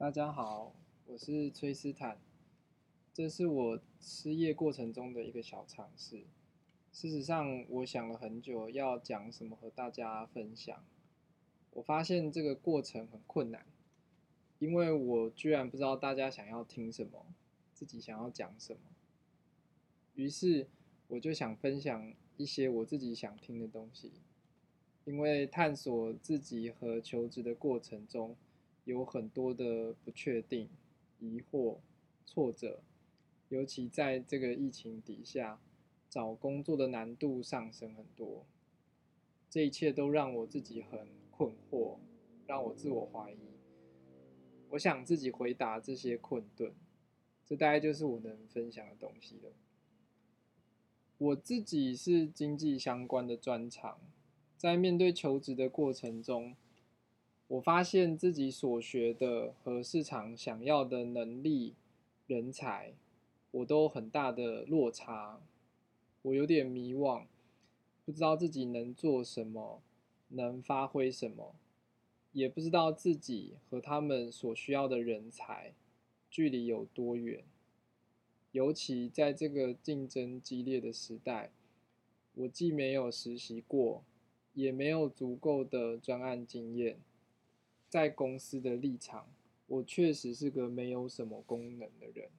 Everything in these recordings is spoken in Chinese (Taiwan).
大家好，我是崔斯坦，這是我失業過程中的一個小嘗試。事實上，我想了很久要講什麼和大家分享。我發現這個過程很困難，因為我居然不知道大家想要聽什麼，自己想要講什麼。於是，我就想分享一些我自己想聽的東西。因為探索自己和求職的過程中，有很多的不確定、疑惑、挫折，尤其在這個疫情底下，找工作的難度上升很多。這一切都讓我自己很困惑，讓我自我懷疑。我想自己回答這些困頓，這大概就是我能分享的東西了。我自己是經濟相關的專長，在面對求職的過程中，我發現自己所學的和市場想要的能力、人才，我都很大的落差。我有點迷惘，不知道自己能做什麼，能發揮什麼，也不知道自己和他們所需要的人才距離有多遠。尤其在這個競爭激烈的時代，我既沒有實習過，也沒有足夠的專案經驗。在公司的立場，我確實是個沒有什麼功能的人，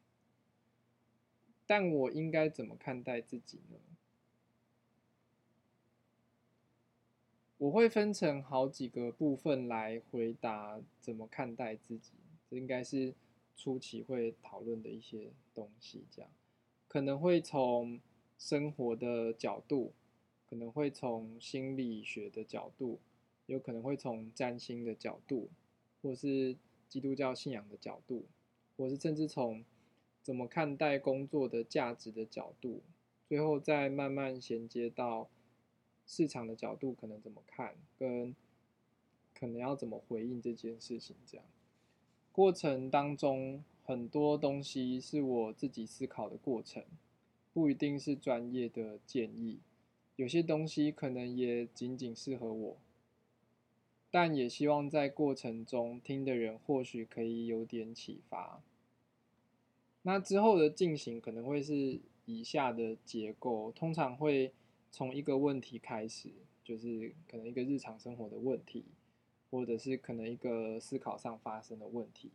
但我應該怎麼看待自己呢？我會分成好幾個部分來回答，怎麼看待自己，這應該是初期會討論的一些東西。這樣，可能會從生活的角度，可能會從心理學的角度。有可能會從占星的角度，或是基督教信仰的角度，或是甚至從怎麼看待工作的價值的角度，最後再慢慢銜接到市場的角度，可能怎麼看，跟可能要怎麼回應這件事情。這樣過程當中，很多東西是我自己思考的過程，不一定是專業的建議。有些東西可能也僅僅適合我。但也希望在過程中聽的人或許可以有點啟發。那之後的進行可能會是以下的結構：通常會從一個問題開始，就是可能一個日常生活的問題，或者是可能一個思考上發生的問題。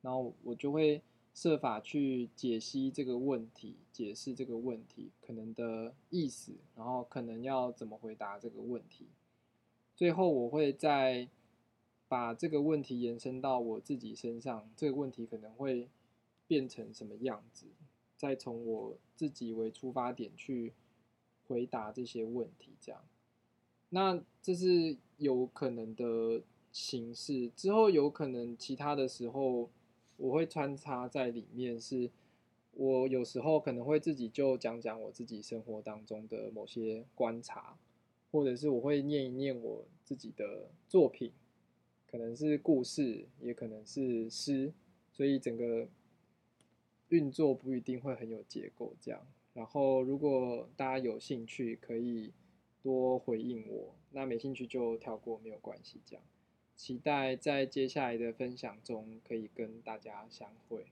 然後我就會設法去解析這個問題，解釋這個問題可能的意思，然後可能要怎麼回答這個問題。最後，我會再把這個問題延伸到我自己身上，這個問題可能會變成什麼樣子？再從我自己為出發點去回答這些問題，這樣。那這是有可能的形式。之後有可能其他的時候，我會穿插在裡面，是我有時候可能會自己就講講我自己生活當中的某些觀察。或者是我會念一念我自己的作品，可能是故事，也可能是詩，所以整個運作不一定會很有結構這樣。然後如果大家有興趣，可以多回應我；那沒興趣就跳過，沒有關係這樣。期待在接下來的分享中可以跟大家相會。